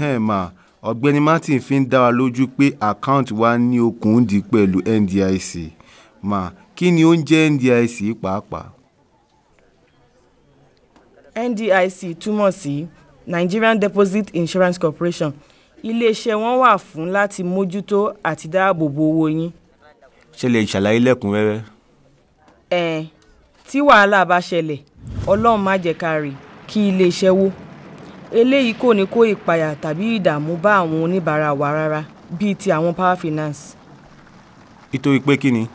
hema ọ̀gbẹ́ni martin fi ń dá wa lójú pé àkáǹtì wa ní okùn dì pẹ̀lú ndic Ma, kí ni ó ń jẹ́ ndic pàápàá. ndic túmọ̀ sí nigerian deposit insurance corporation iléeṣẹ́ wọn wà fún láti mójútó àti dáàbò bo owó yín. ṣe lè ṣàlàyé lẹ́kùnrẹ́rẹ́. ẹ tí wàhálà bá ṣẹlẹ̀ ọlọ́run má jẹ́ ká rí kí iléeṣẹ́ wó eléyìí kò ní kó ìpayà tàbí ìdààmú bá àwọn oníbàárà wa rárá bíi ti àwọn power finance. nítorí pé kí ni.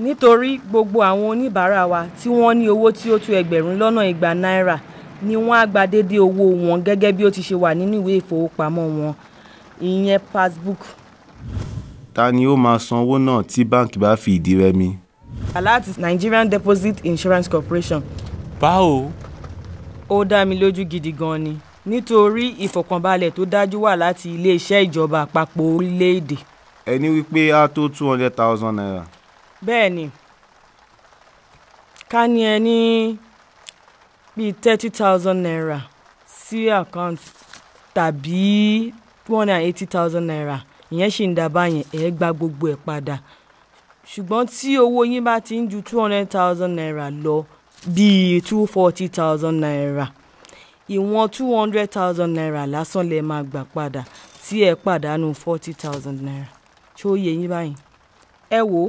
nítorí gbogbo àwọn oníbàárà wa tí wọ́n ní owó tí ó tó ẹgbẹ̀rún lọ́nà igba náírà ni wọ́n á gba déédéé owó wọn gẹ́gẹ́ bí ó ti ṣe wà nínú ìwé ìfowópamọ́ wọn ìyẹn passbook. ta ni ó máa san owó náà tí báǹkì bá fi ìdí rẹmi. aláàtì Nigerian Deposit Insurance Corporation. báwo. ó dá mi lójú gidi gan ni nítorí ìfọ̀kànbalẹ̀ tó dájú wà láti iléeṣẹ́ ìjọba àpapọ̀ orílẹ̀-èdè. ẹni wípé a tó two hundred thousand naira. bẹ́ẹ̀ni ká ní ẹ bíi thirty thousand naira sí àkáǹtì tàbí two hundred and eighty thousand naira ìyẹn sì ń dábàá yẹn ẹ gba gbogbo ẹ padà ṣùgbọ́n tí owó yín bá ti ń ju two hundred thousand naira lọ bíi two forty thousand naira ìwọ̀n two hundred thousand naira lásán lẹ máa gbà padà tí ẹ pàdánù forty thousand naira ṣó yẹ yín báyìí. ẹ wò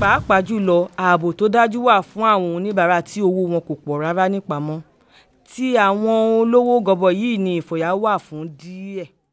pàápàá jùlọ ààbò tó dájú wà fún àwọn oníbàárà tí owó wọn kò pọ̀ rárá nípamọ́ tí àwọn olówó gọbọ yìí ni ìfòyà wà fún díẹ̀.